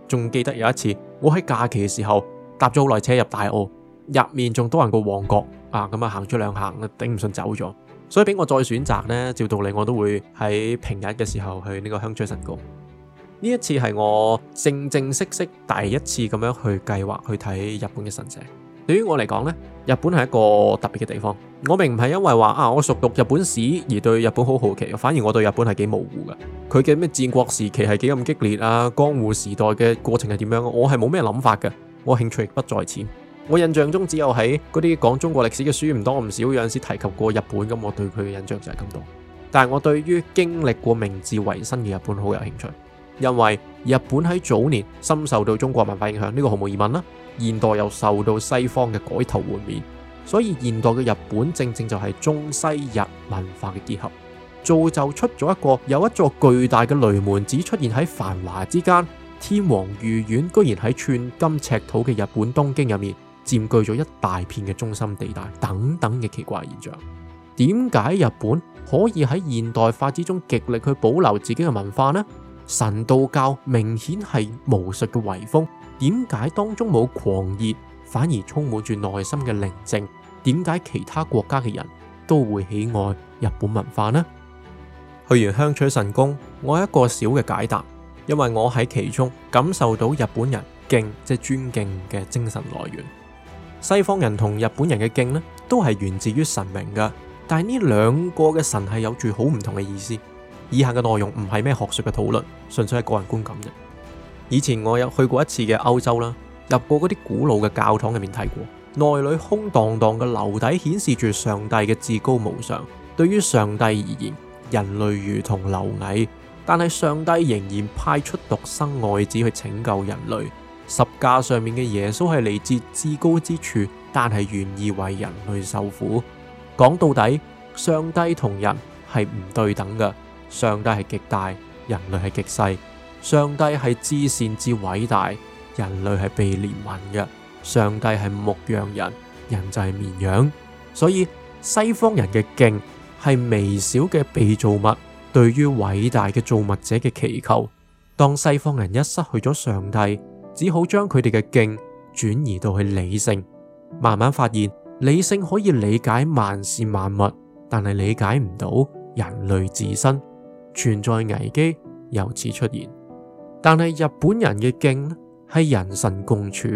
仲記得有一次，我喺假期嘅時候搭咗好耐車入大澳，入面仲多人過旺角啊，咁啊行出兩行，頂唔順走咗。所以俾我再選擇呢，照道理我都會喺平日嘅時候去呢個香取神宮。呢一次係我正正式式第一次咁樣去計劃去睇日本嘅神社。對於我嚟講呢，日本係一個特別嘅地方。我並唔係因為話啊，我熟讀日本史而對日本好好奇，反而我對日本係幾模糊嘅。佢嘅咩戰國時期係幾咁激烈啊？江戶時代嘅過程係點樣？我係冇咩諗法嘅。我興趣亦不在此。我印象中只有喺嗰啲講中國歷史嘅書唔多唔少有陣時提及過日本，咁我對佢嘅印象就係咁多。但係我對於經歷過明治維新嘅日本好有興趣。因為日本喺早年深受到中國文化影響，呢個毫無疑問啦。現代又受到西方嘅改頭換面，所以現代嘅日本正正就係中西日文化嘅結合，造就出咗一個有一座巨大嘅雷門只出現喺繁華之間，天皇御苑居然喺寸金尺土嘅日本東京入面佔據咗一大片嘅中心地帶，等等嘅奇怪現象。點解日本可以喺現代化之中極力去保留自己嘅文化呢？神道教明顯係巫術嘅遺風，點解當中冇狂熱，反而充滿住內心嘅寧靜？點解其他國家嘅人都會喜愛日本文化呢？去完香取神宮，我有一個小嘅解答，因為我喺其中感受到日本人敬，即尊敬嘅精神來源。西方人同日本人嘅敬呢，都係源自於神明㗎，但係呢兩個嘅神係有住好唔同嘅意思。以下嘅內容唔係咩學術嘅討論，純粹係個人觀感啫。以前我有去過一次嘅歐洲啦，入過嗰啲古老嘅教堂入面睇過，內裏空蕩蕩嘅樓底顯示住上帝嘅至高無上。對於上帝而言，人類如同螻蟻，但係上帝仍然派出獨生愛子去拯救人類。十架上面嘅耶穌係嚟自至高之處，但係願意為人類受苦。講到底，上帝同人係唔對等嘅。上帝係極大，人類係極細；上帝係至善至偉大，人類係被憐憫嘅。上帝係牧羊人，人就係綿羊。所以西方人嘅敬係微小嘅被造物對於偉大嘅造物者嘅祈求。當西方人一失去咗上帝，只好將佢哋嘅敬轉移到去理性，慢慢發現理性可以理解萬事萬物，但係理解唔到人類自身。存在危機由此出現，但係日本人嘅敬係人神共處，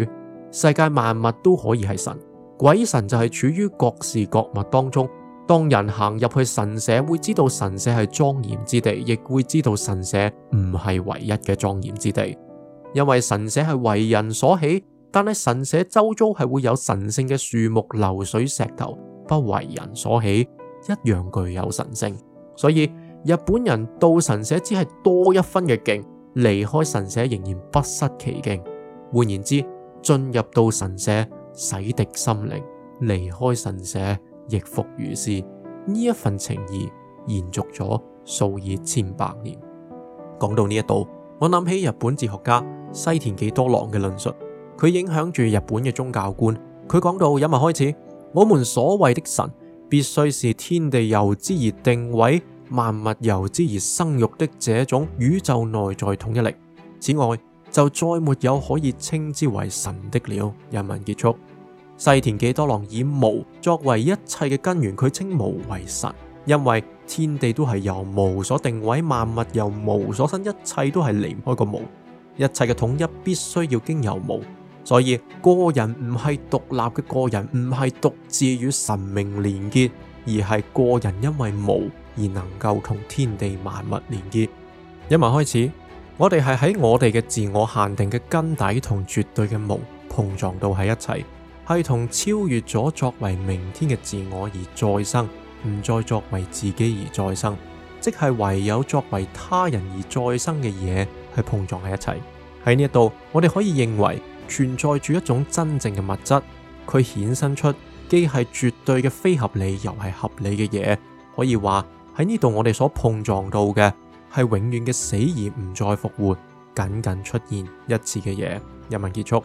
世界萬物都可以係神。鬼神就係處於各事各物當中。當人行入去神社，會知道神社係莊嚴之地，亦會知道神社唔係唯一嘅莊嚴之地，因為神社係為人所起，但係神社周遭係會有神聖嘅樹木、流水、石頭，不為人所起，一樣具有神聖，所以。日本人到神社只係多一分嘅勁，離開神社仍然不失其勁。換言之，進入到神社洗滌心靈，離開神社亦復如是。呢一份情誼延續咗數以千百年。講到呢一度，我諗起日本哲學家西田幾多郎嘅論述，佢影響住日本嘅宗教觀。佢講到，今日開始，我們所謂的神，必須是天地由之而定位。萬物由之而生育的這種宇宙內在統一力。此外，就再沒有可以稱之為神的了。人民結束。西田幾多郎以無作為一切嘅根源，佢稱無為神，因為天地都係由無所定位，萬物由無所生，一切都係離唔開個無，一切嘅統一必須要經由無。所以個人唔係獨立嘅個人，唔係獨自與神明連結，而係個人因為無。而能夠同天地萬物連結，因文開始，我哋係喺我哋嘅自我限定嘅根底同絕對嘅無碰撞到喺一齊，係同超越咗作為明天嘅自我而再生，唔再作為自己而再生，即係唯有作為他人而再生嘅嘢，去碰撞喺一齊。喺呢一度，我哋可以認為存在住一種真正嘅物質，佢衍生出，既係絕對嘅非合理，又係合理嘅嘢，可以話。喺呢度，我哋所碰撞到嘅係永遠嘅死而唔再復活，僅僅出現一次嘅嘢。人民結束，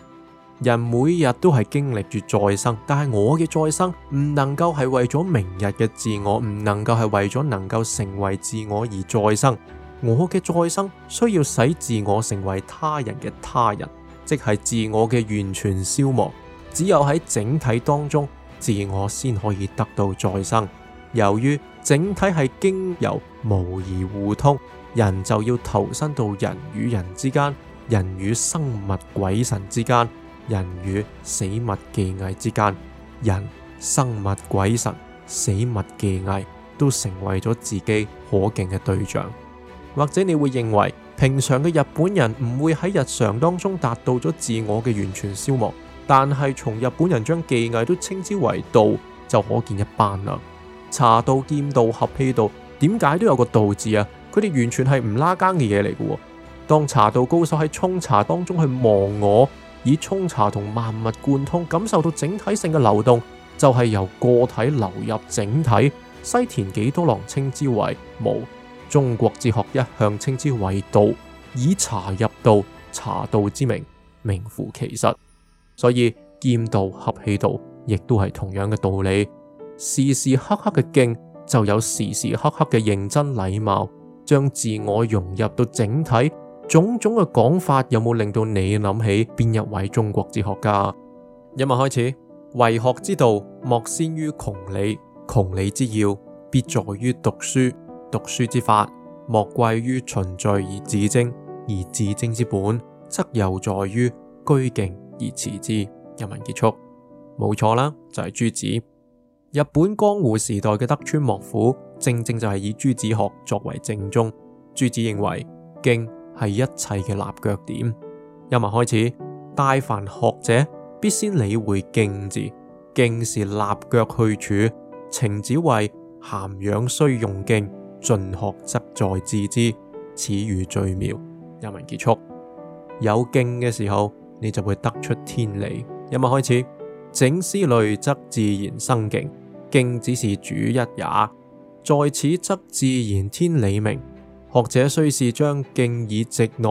人每日都係經歷住再生，但係我嘅再生唔能夠係為咗明日嘅自我，唔能夠係為咗能夠成為自我而再生。我嘅再生需要使自我成為他人嘅他人，即係自我嘅完全消亡。只有喺整體當中，自我先可以得到再生。由於整體係經由無而互通，人就要投身到人與人之間、人與生物、鬼神之間、人與死物技藝之間，人、生物、鬼神、死物技藝都成為咗自己可敬嘅對象。或者你會認為平常嘅日本人唔會喺日常當中達到咗自我嘅完全消亡，但係從日本人將技藝都稱之為道，就可見一斑啦。茶道、劍道、合氣道，點解都有個道字啊？佢哋完全係唔拉更嘅嘢嚟嘅。當茶道高手喺沖茶當中去忘我，以沖茶同萬物貫通，感受到整體性嘅流動，就係、是、由個體流入整體。西田幾多郎稱之為無，中國哲學一向稱之為道，以茶入道，茶道之名名符其實。所以劍道、合氣道亦都係同樣嘅道理。時時刻刻嘅敬，就有時時刻刻嘅認真禮貌，將自我融入到整體。種種嘅講法有冇令到你諗起邊一位中國哲學家？一文開始，為學之道莫先於窮理，窮理之要必在於讀書，讀書之法莫貴於循序而自精，而自精之本則又在於居敬而持之。一文結束，冇錯啦，就係、是、朱子。日本江戶時代嘅德川幕府，正正就係以朱子學作為正宗。朱子認為敬係一切嘅立腳點。一文開始，大凡學者必先理會敬字，敬是立腳去處。程子謂涵養須用敬，進學則在致知。此語最妙。一文結束，有敬嘅時候，你就會得出天理。一文開始，整思慮則自然生敬。敬只是主一也，在此則自然天理明。學者雖是將敬以直內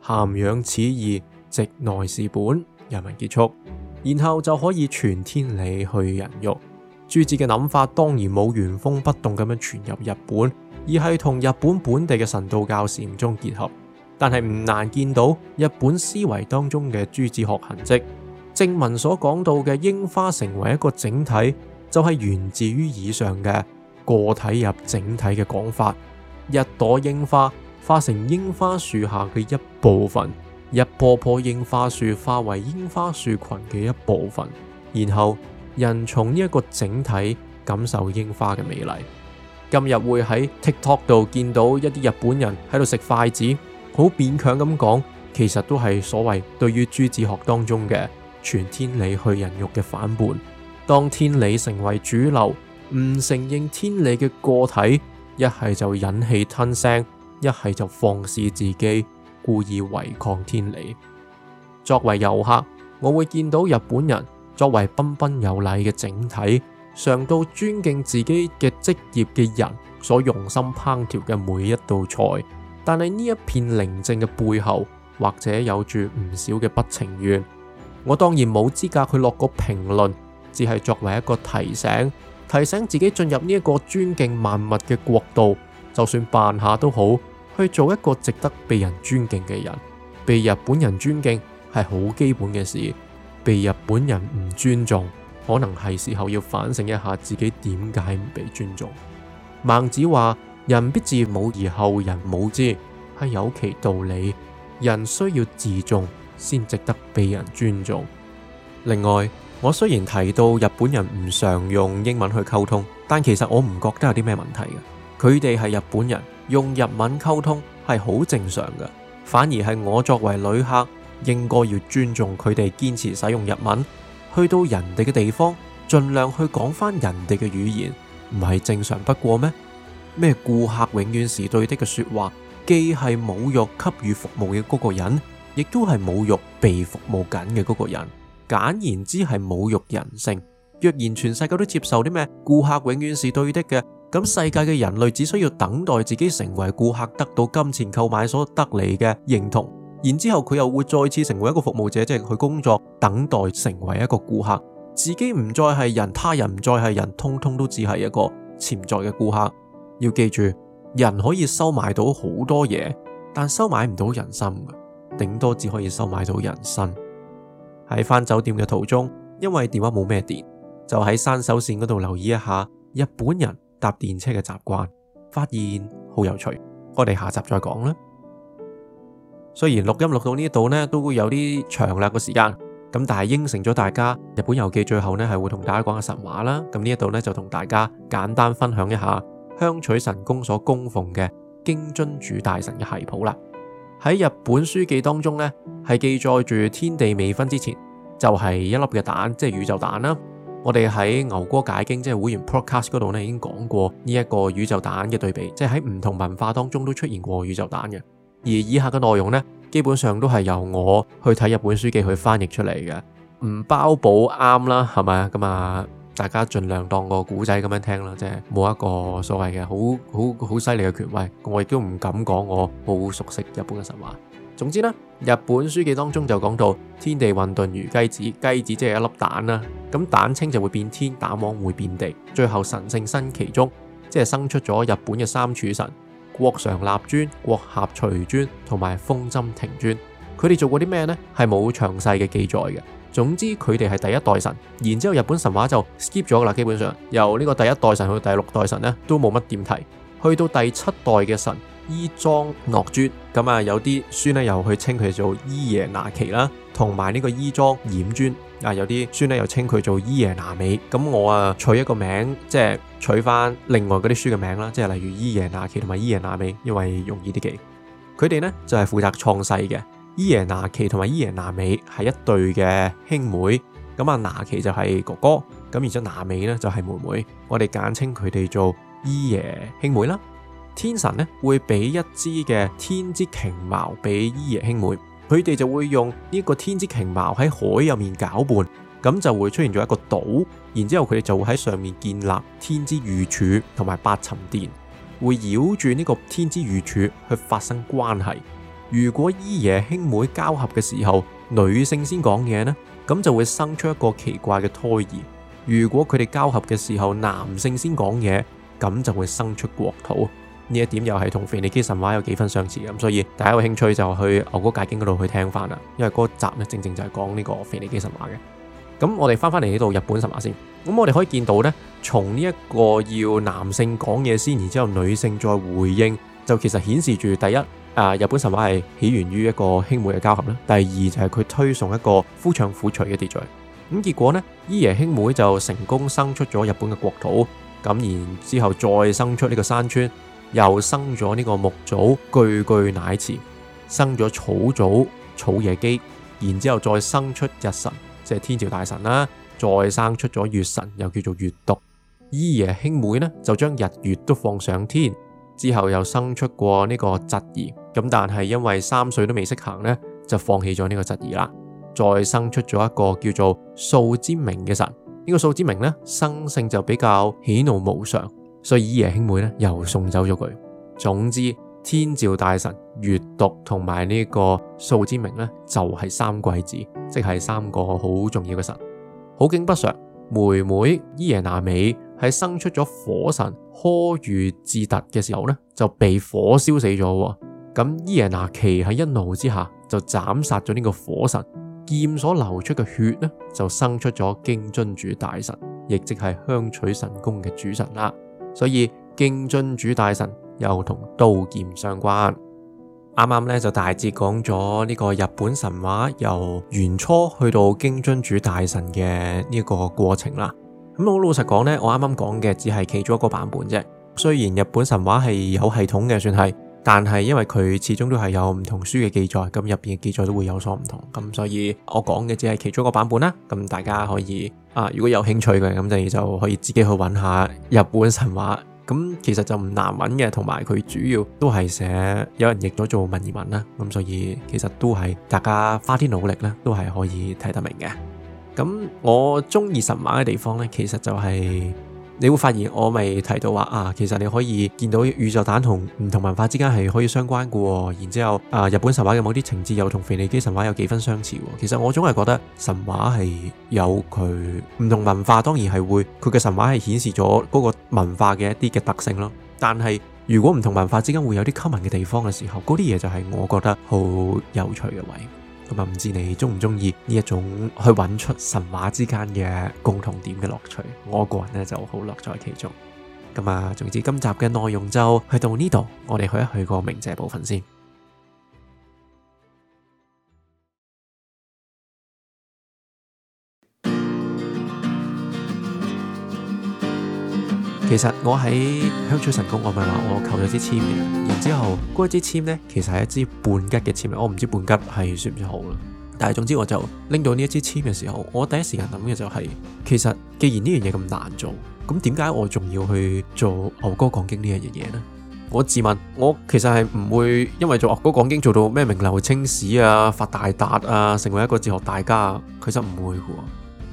涵養此意，直內是本。人民結束，然後就可以存天理去人欲。朱子嘅諗法當然冇原封不動咁樣傳入日本，而係同日本本地嘅神道教禪宗結合。但係唔難見到日本思維當中嘅朱子學痕跡。正文所講到嘅櫻花成為一個整體。就係源自於以上嘅個體入整體嘅講法，一朵櫻花化成櫻花樹下嘅一部分，一棵棵櫻花樹化為櫻花樹群嘅一部分，然後人從呢一個整體感受櫻花嘅美麗。今日會喺 TikTok 度見到一啲日本人喺度食筷子，好勉強咁講，其實都係所謂對於朱子學當中嘅「全天理去人欲」嘅反叛。當天理成為主流，唔承認天理嘅個體，一係就忍氣吞聲，一係就放肆自己，故意違抗天理。作為遊客，我會見到日本人作為彬彬有禮嘅整體，嘗到尊敬自己嘅職業嘅人所用心烹調嘅每一道菜。但係呢一片寧靜嘅背後，或者有住唔少嘅不情願。我當然冇資格去落個評論。只係作為一個提醒，提醒自己進入呢一個尊敬萬物嘅國度，就算扮下都好，去做一個值得被人尊敬嘅人。被日本人尊敬係好基本嘅事，被日本人唔尊重，可能係時候要反省一下自己點解唔被尊重。孟子話：人必自侮而後人侮之，係有其道理。人需要自重，先值得被人尊重。另外。我雖然提到日本人唔常用英文去溝通，但其實我唔覺得有啲咩問題嘅。佢哋係日本人，用日文溝通係好正常嘅。反而係我作為旅客，應該要尊重佢哋堅持使用日文。去到人哋嘅地方，盡量去講翻人哋嘅語言，唔係正常不過咩？咩顧客永遠是對的嘅説話，既係侮辱給予服務嘅嗰個人，亦都係侮辱被服務緊嘅嗰個人。簡言之，係侮辱人性。若然全世界都接受啲咩顧客永遠是對的嘅，咁世界嘅人類只需要等待自己成為顧客，得到金錢購買所得嚟嘅認同，然之後佢又會再次成為一個服務者，即係去工作，等待成為一個顧客。自己唔再係人，他人唔再係人，通通都只係一個潛在嘅顧客。要記住，人可以收買到好多嘢，但收買唔到人心嘅，頂多只可以收買到人身。喺返酒店嘅途中，因為電話冇咩電，就喺山手線嗰度留意一下日本人搭電車嘅習慣，發現好有趣。我哋下集再講啦。雖然錄音錄到呢一度咧，都會有啲長啦，這個時間，咁但係應承咗大家，日本遊記最後咧係會同大家講下神話啦。咁呢一度呢，就同大家簡單分享一下香取神宮所供奉嘅經津主大神嘅系譜啦。喺日本書紀當中呢，係記載住天地未分之前，就係一粒嘅蛋，即係宇宙蛋啦。我哋喺牛哥解經，即係會員 podcast 嗰度呢，已經講過呢一個宇宙蛋嘅對比，即係喺唔同文化當中都出現過宇宙蛋嘅。而以下嘅內容呢，基本上都係由我去睇日本書紀去翻譯出嚟嘅，唔包保啱啦，係咪啊？噶嘛。大家儘量當個古仔咁樣聽啦，即係冇一個所謂嘅好好好犀利嘅權威，我亦都唔敢講我好熟悉日本嘅神話。總之咧，日本書紀當中就講到天地混沌如雞子，雞子即係一粒蛋啦。咁蛋清就會變天，蛋黃會變地，最後神聖生其中，即係生出咗日本嘅三柱神國常立尊、國狹槌尊同埋豐斟渟尊。佢哋做過啲咩咧？係冇詳細嘅記載嘅。總之佢哋係第一代神，然之後日本神話就 skip 咗啦，基本上由呢個第一代神去到第六代神呢，都冇乜點提，去到第七代嘅神伊莊諾尊，咁啊有啲書呢又去稱佢做伊耶拿奇啦，同埋呢個伊莊染尊，啊有啲書呢又稱佢做伊耶拿美，咁我啊取一個名，即係取翻另外嗰啲書嘅名啦，即係例如伊耶拿奇同埋伊耶拿美，因為容易啲記，佢哋呢，就係、是、負責創世嘅。伊耶拿奇同埋伊耶拿美係一對嘅兄妹，咁啊，拿奇就係哥哥，咁而咗拿美呢就係妹妹，我哋簡稱佢哋做伊耶兄妹啦。天神呢會俾一支嘅天之瓊矛俾伊耶兄妹，佢哋就會用呢一個天之瓊矛喺海入面攪拌，咁就會出現咗一個島，然之後佢哋就會喺上面建立天之御柱同埋八層殿，會繞住呢個天之御柱去發生關係。如果姨爺兄妹交合嘅時候，女性先講嘢呢，咁就會生出一個奇怪嘅胎兒；如果佢哋交合嘅時候男性先講嘢，咁就會生出國土。呢一點又係同腓尼基神話有幾分相似嘅，咁所以大家有興趣就去《牛哥講經》嗰度去聽翻啦，因為嗰集呢正正就係講呢個腓尼基神話嘅。咁我哋翻翻嚟呢度日本神話先，咁我哋可以見到咧，從呢一個要男性講嘢先，然之後女性再回應，就其實顯示住第一。啊！日本神話係起源於一個兄妹嘅交合啦。第二就係佢推崇一個夫唱婦隨嘅秩序。咁結果呢？伊耶兄妹就成功生出咗日本嘅國土。咁然之後再生出呢個山川，又生咗呢個木祖句句廼馳，生咗草祖草野姬。然之後再生出日神，即係天照大神啦。再生出咗月神，又叫做月讀。伊耶兄妹呢就將日月都放上天。之後又生出過呢個蛭子，咁但係因為三歲都未識行呢，就放棄咗呢個蛭子啦。再生出咗一個叫做素之明嘅神，呢、這個素之明呢，生性就比較喜怒無常，所以伊耶兄妹呢又送走咗佢。總之，天照大神、月讀同埋呢個素之明呢，就係、是、三貴子，即係三個好重要嘅神。好景不常，妹妹伊耶娜美。喺生出咗火神科如治突嘅時候呢，就被火燒死咗。咁伊耶娜奇喺一怒之下就斬殺咗呢個火神，劍所流出嘅血呢，就生出咗經津主大神，亦即係香取神宮嘅主神啦。所以經津主大神又同刀劍相關。啱啱呢就大致講咗呢個日本神話由元初去到經津主大神嘅呢個過程啦。咁好老實講呢，我啱啱講嘅只係其中一個版本啫。雖然日本神話係有系統嘅，算係，但係因為佢始終都係有唔同書嘅記載，咁入邊嘅記載都會有所唔同。咁所以我講嘅只係其中一個版本啦。咁大家可以啊，如果有興趣嘅，咁就就可以自己去揾下日本神話。咁其實就唔難揾嘅，同埋佢主要都係寫，有人譯咗做文言文啦。咁所以其實都係大家花啲努力咧，都係可以睇得明嘅。咁我中意神話嘅地方呢，其實就係、是、你會發現我未提到話啊，其實你可以見到宇宙蛋同唔同文化之間係可以相關嘅。然之後啊，日本神話嘅某啲情節又同腓尼基神話有幾分相似。其實我總係覺得神話係有佢唔同文化，當然係會佢嘅神話係顯示咗嗰個文化嘅一啲嘅特性咯。但係如果唔同文化之間會有啲吸引嘅地方嘅時候，嗰啲嘢就係我覺得好有趣嘅位。唔知你中唔中意呢一種去揾出神話之間嘅共同點嘅樂趣？我個人呢就好樂在其中。咁、嗯、啊，總之今集嘅內容就去到呢度，我哋去一去個鳴謝部分先。其實我喺香取神宮，我咪話我求咗支籤嘅，然之後嗰支籤呢，其實係一支半吉嘅籤嘅，我唔知半吉係算唔算好啦。但係總之我就拎到呢一支籤嘅時候，我第一時間諗嘅就係、是，其實既然呢樣嘢咁難做，咁點解我仲要去做牛哥講經呢一樣嘢呢？我自問，我其實係唔會因為做牛哥講經做到咩名流青史啊、發大達啊、成為一個哲學大家，其實唔會嘅。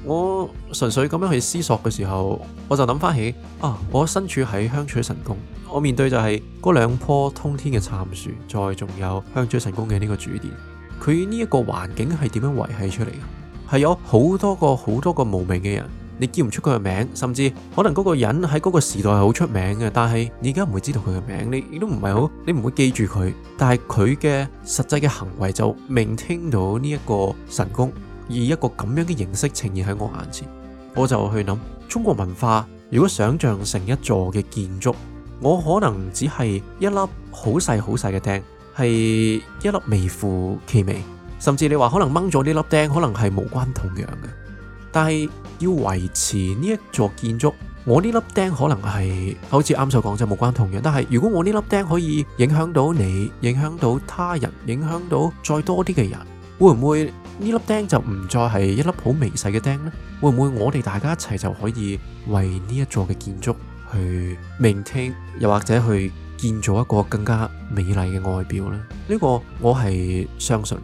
我純粹咁樣去思索嘅時候，我就諗翻起啊，我身處喺香取神宮，我面對就係嗰兩棵通天嘅杉樹，再仲有香取神宮嘅呢個主殿。佢呢一個環境係點樣維繫出嚟嘅？係有好多個好多個無名嘅人，你叫唔出佢嘅名，甚至可能嗰個人喺嗰個時代係好出名嘅，但係你而家唔會知道佢嘅名，你亦都唔係好，你唔會記住佢，但係佢嘅實際嘅行為就 maintain 到呢一個神宮。以一個咁樣嘅形式呈現喺我眼前，我就去諗，中國文化如果想象成一座嘅建築，我可能只係一粒好細好細嘅釘，係一粒微乎其微，甚至你話可能掹咗呢粒釘，可能係無關痛癢嘅。但係要維持呢一座建築，我呢粒釘可能係好似啱先講就冇關痛癢。但係如果我呢粒釘可以影響到你，影響到他人，影響到再多啲嘅人，會唔會？呢粒釘就唔再係一粒好微細嘅釘咧，會唔會我哋大家一齊就可以為呢一座嘅建築去命聽，又或者去建造一個更加美麗嘅外表呢？呢個我係相信嘅。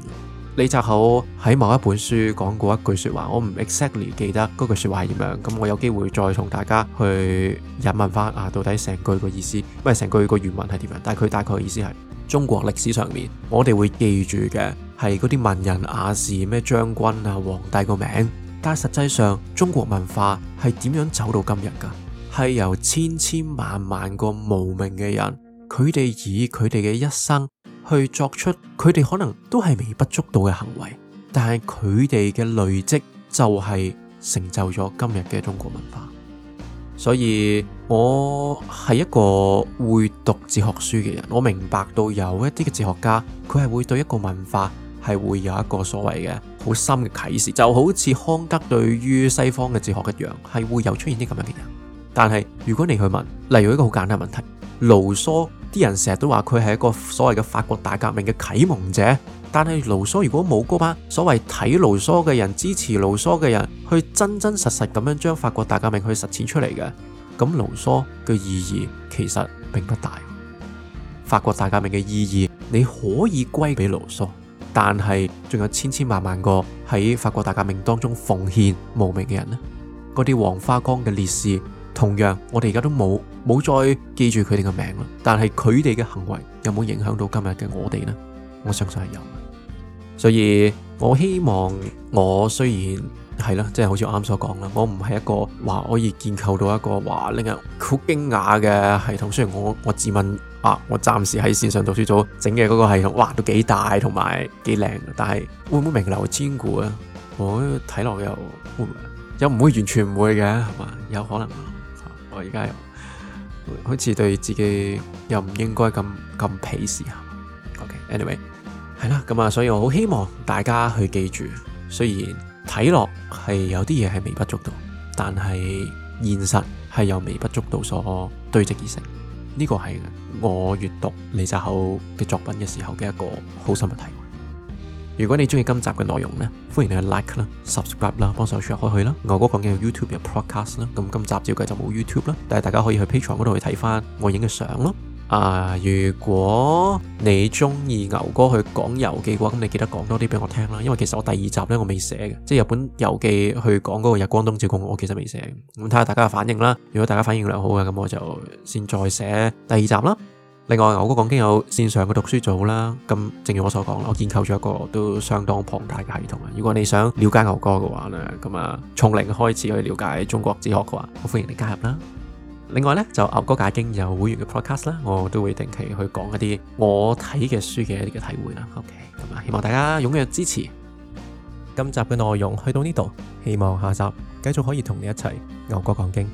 李澤厚喺某一本書講過一句説話，我唔 exactly 記得嗰句説話係點樣，咁我有機會再同大家去引問翻啊，到底成句嘅意思，因為成句嘅原文係點樣？但係佢大概意思係中國歷史上面，我哋會記住嘅。係嗰啲文人、雅士、咩將軍啊、皇帝個名，但係實際上中國文化係點樣走到今日噶？係由千千萬萬個無名嘅人，佢哋以佢哋嘅一生去作出，佢哋可能都係微不足道嘅行為，但係佢哋嘅累積就係成就咗今日嘅中國文化。所以我係一個會讀哲學書嘅人，我明白到有一啲嘅哲學家，佢係會對一個文化。係會有一個所謂嘅好深嘅啟示，就好似康德對於西方嘅哲學一樣，係會有出現啲咁樣嘅人。但係如果你去問，例如一個好簡單嘅問題，盧梭啲人成日都話佢係一個所謂嘅法國大革命嘅啟蒙者，但係盧梭如果冇嗰班所謂睇盧梭嘅人、支持盧梭嘅人去真真實實咁樣將法國大革命去實踐出嚟嘅，咁盧梭嘅意義其實並不大。法國大革命嘅意義，你可以歸俾盧梭。但係仲有千千萬萬個喺法國大革命當中奉獻無名嘅人呢，嗰啲黃花崗嘅烈士，同樣我哋而家都冇冇再記住佢哋嘅名啦。但係佢哋嘅行為有冇影響到今日嘅我哋呢？我相信係有。所以我希望我雖然係咯，即係好似啱啱所講啦，我唔係一個話可以建構到一個話令人好驚訝嘅系統。雖然我我自問。啊！我暫時喺線上讀書組整嘅嗰個系統，哇都幾大同埋幾靚，但係會唔會名留千古啊？我睇落又會會又唔會完全唔會嘅，係嘛？有可能啊！我而家又好似對自己又唔應該咁咁鄙視嚇。OK，anyway，、okay，係啦，咁啊，所以我好希望大家去記住，雖然睇落係有啲嘢係微不足道，但係現實係由微不足道所堆積而成。呢個係我閱讀李澤厚嘅作品嘅時候嘅一個好深嘅體會。如果你中意今集嘅內容咧，歡迎你 like 啦、subscribe 啦、幫手 share 開去啦。牛哥講經有 YouTube 有 podcast 啦，咁今集照計就冇 YouTube 啦，但係大家可以去 Patreon 嗰度去睇翻我影嘅相咯。啊！如果你中意牛哥去講遊記嘅話，咁你記得講多啲俾我聽啦。因為其實我第二集呢，我未寫嘅，即係日本遊記去講嗰個日光東照宮，我其實未寫。咁睇下大家嘅反應啦。如果大家反應良好嘅，咁我就先再寫第二集啦。另外，牛哥講經有線上嘅讀書組啦。咁正如我所講，我建構咗一個都相當龐大嘅系統啊。如果你想了解牛哥嘅話呢，咁啊從零嘅開始去了解中國哲學嘅話，我歡迎你加入啦。另外呢，就牛哥解經有會員嘅 podcast 啦，我都會定期去講一啲我睇嘅書嘅一啲嘅體會啦。OK，咁啊，希望大家踴躍支持。Okay. 今集嘅內容去到呢度，希望下集繼續可以同你一齊牛哥講經。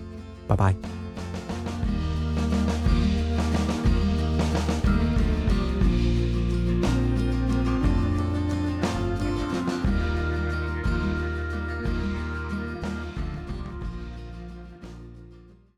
拜拜。